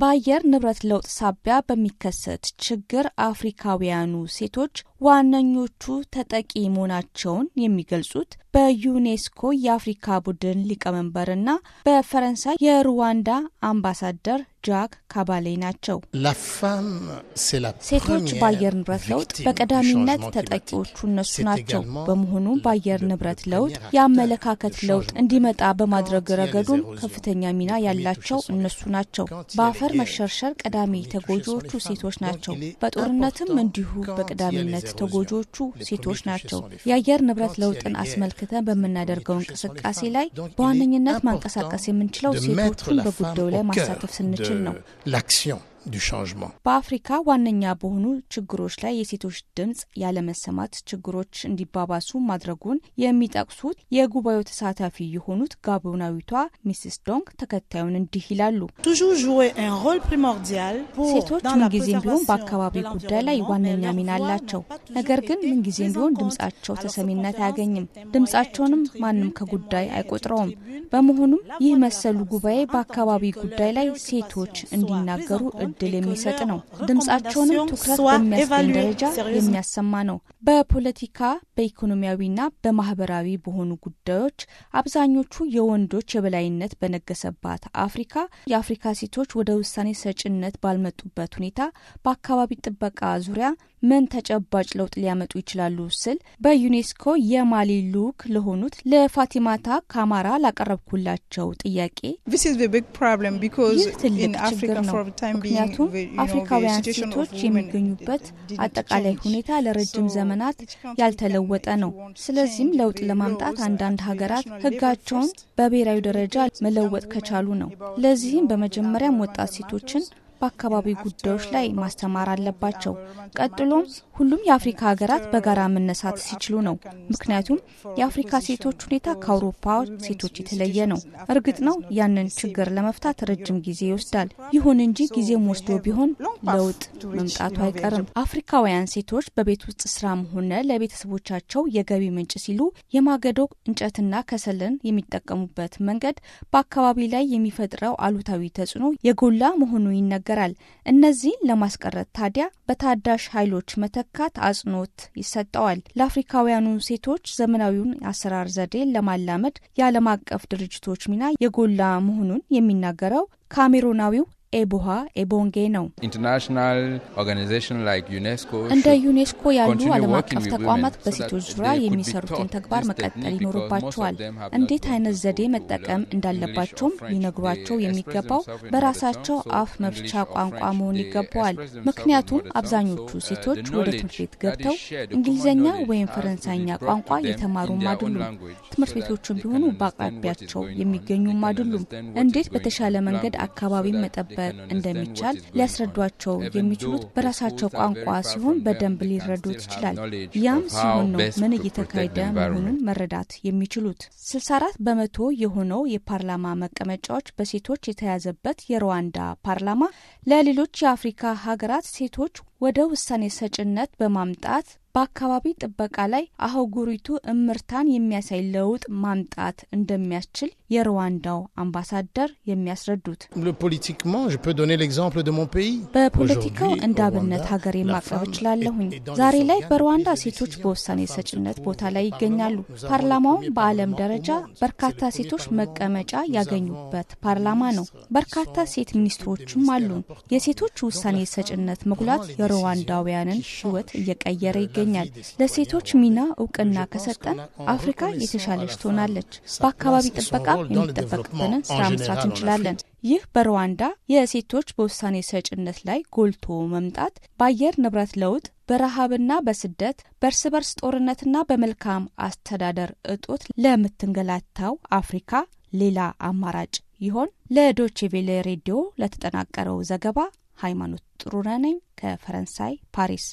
በአየር ንብረት ለውጥ ሳቢያ በሚከሰት ችግር አፍሪካውያኑ ሴቶች ዋነኞቹ ተጠቂ መሆናቸውን የሚገልጹት በዩኔስኮ የአፍሪካ ቡድን ሊቀመንበርና በፈረንሳይ የሩዋንዳ አምባሳደር ጃክ ካባሌ ናቸው። ሴቶች በአየር ንብረት ለውጥ በቀዳሚነት ተጠቂዎቹ እነሱ ናቸው። በመሆኑ በአየር ንብረት ለውጥ የአመለካከት ለውጥ እንዲመጣ በማድረግ ረገዱም ከፍተኛ ሚና ያላቸው እነሱ ናቸው። በአፈር መሸርሸር ቀዳሚ ተጎጂዎቹ ሴቶች ናቸው። በጦርነትም እንዲሁ በቀዳሚነት ተጎጂዎቹ ሴቶች ናቸው። የአየር ንብረት ለውጥን አስመልክተን በምናደርገው እንቅስቃሴ ላይ በዋነኝነት ማንቀሳቀስ የምንችለው ሴቶቹን በጉዳዩ ላይ ማሳተፍ ስንችል ነው። በአፍሪካ ዋነኛ በሆኑ ችግሮች ላይ የሴቶች ድምፅ ያለመሰማት ችግሮች እንዲባባሱ ማድረጉን የሚጠቅሱት የጉባኤው ተሳታፊ የሆኑት ጋቦናዊቷ ሚስስ ዶንግ ተከታዩን እንዲህ ይላሉ። ሴቶች ምንጊዜም ቢሆን በአካባቢ ጉዳይ ላይ ዋነኛ ሚና አላቸው። ነገር ግን ምንጊዜም ቢሆን ድምጻቸው ተሰሚነት አያገኝም። ድምጻቸውንም ማንም ከጉዳይ አይቆጥረውም። በመሆኑም ይህ መሰሉ ጉባኤ በአካባቢ ጉዳይ ላይ ሴቶች እንዲናገሩ እድል የሚሰጥ ነው። ድምጻቸውንም ትኩረት በሚያስገኝ ደረጃ የሚያሰማ ነው። በፖለቲካ በኢኮኖሚያዊና በማህበራዊ በሆኑ ጉዳዮች አብዛኞቹ የወንዶች የበላይነት በነገሰባት አፍሪካ የአፍሪካ ሴቶች ወደ ውሳኔ ሰጭነት ባልመጡበት ሁኔታ በአካባቢ ጥበቃ ዙሪያ ምን ተጨባጭ ለውጥ ሊያመጡ ይችላሉ ስል በዩኔስኮ የማሊ ልዑክ ለሆኑት ለፋቲማታ ካማራ ላቀረብኩላቸው ጥያቄ ይህ ትልቅ ችግር ነው። ምክንያቱም አፍሪካውያን ሴቶች የሚገኙበት አጠቃላይ ሁኔታ ለረጅም ዘመን ዘመናት ያልተለወጠ ነው። ስለዚህም ለውጥ ለማምጣት አንዳንድ ሀገራት ህጋቸውን በብሔራዊ ደረጃ መለወጥ ከቻሉ ነው። ለዚህም በመጀመሪያም ወጣት ሴቶችን በአካባቢ ጉዳዮች ላይ ማስተማር አለባቸው። ቀጥሎም ሁሉም የአፍሪካ ሀገራት በጋራ መነሳት ሲችሉ ነው። ምክንያቱም የአፍሪካ ሴቶች ሁኔታ ከአውሮፓ ሴቶች የተለየ ነው። እርግጥ ነው ያንን ችግር ለመፍታት ረጅም ጊዜ ይወስዳል። ይሁን እንጂ ጊዜም ወስዶ ቢሆን ለውጥ መምጣቱ አይቀርም። አፍሪካውያን ሴቶች በቤት ውስጥ ስራም ሆነ ለቤተሰቦቻቸው የገቢ ምንጭ ሲሉ የማገዶ እንጨትና ከሰልን የሚጠቀሙበት መንገድ በአካባቢ ላይ የሚፈጥረው አሉታዊ ተጽዕኖ የጎላ መሆኑ ይነገራል። እነዚህን ለማስቀረት ታዲያ በታዳሽ ኃይሎች መተ ለመተካት አጽንኦት ይሰጠዋል። ለአፍሪካውያኑ ሴቶች ዘመናዊውን አሰራር ዘዴ ለማላመድ የዓለም አቀፍ ድርጅቶች ሚና የጎላ መሆኑን የሚናገረው ካሜሮናዊው ኤቦሃ ኤቦንጌ ነው። እንደ ዩኔስኮ ያሉ ዓለም አቀፍ ተቋማት በሴቶች ዙሪያ የሚሰሩትን ተግባር መቀጠል ይኖርባቸዋል። እንዴት አይነት ዘዴ መጠቀም እንዳለባቸውም ሊነግሯቸው የሚገባው በራሳቸው አፍ መፍቻ ቋንቋ መሆን ይገባዋል። ምክንያቱም uh, አብዛኞቹ ሴቶች ወደ ትምህርት ቤት ገብተው እንግሊዝኛ ወይም ፈረንሳይኛ ቋንቋ የተማሩም አይደሉም። ትምህርት ቤቶችም ቢሆኑ በአቅራቢያቸው የሚገኙም አይደሉም። እንዴት በተሻለ መንገድ አካባቢን መጠበቅ መተግበር እንደሚቻል ሊያስረዷቸው የሚችሉት በራሳቸው ቋንቋ ሲሆን በደንብ ሊረዱት ይችላል። ያም ሲሆን ነው ምን እየተካሄደ መሆኑን መረዳት የሚችሉት። 64 በመቶ የሆነው የፓርላማ መቀመጫዎች በሴቶች የተያዘበት የሩዋንዳ ፓርላማ ለሌሎች የአፍሪካ ሀገራት ሴቶች ወደ ውሳኔ ሰጭነት በማምጣት በአካባቢ ጥበቃ ላይ አህጉሪቱ እምርታን የሚያሳይ ለውጥ ማምጣት እንደሚያስችል የሩዋንዳው አምባሳደር የሚያስረዱት በፖለቲካው እንደ አብነት ሀገር ማቅረብ እችላለሁኝ። ዛሬ ላይ በሩዋንዳ ሴቶች በውሳኔ ሰጭነት ቦታ ላይ ይገኛሉ። ፓርላማውን በዓለም ደረጃ በርካታ ሴቶች መቀመጫ ያገኙበት ፓርላማ ነው። በርካታ ሴት ሚኒስትሮችም አሉን። የሴቶች ውሳኔ ሰጭነት መጉላት ሩዋንዳውያንን ሕይወት እየቀየረ ይገኛል። ለሴቶች ሚና እውቅና ከሰጠን አፍሪካ የተሻለች ትሆናለች። በአካባቢ ጥበቃ የሚጠበቅብንን ስራ መስራት እንችላለን። ይህ በሩዋንዳ የሴቶች በውሳኔ ሰጭነት ላይ ጎልቶ መምጣት በአየር ንብረት ለውጥ በረሃብና በስደት በእርስ በርስ ጦርነትና በመልካም አስተዳደር እጦት ለምትንገላታው አፍሪካ ሌላ አማራጭ ይሆን? ለዶችቬሌ ሬዲዮ ለተጠናቀረው ዘገባ ሃይማኖት ጥሩነህ ነኝ ከፈረንሳይ ፓሪስ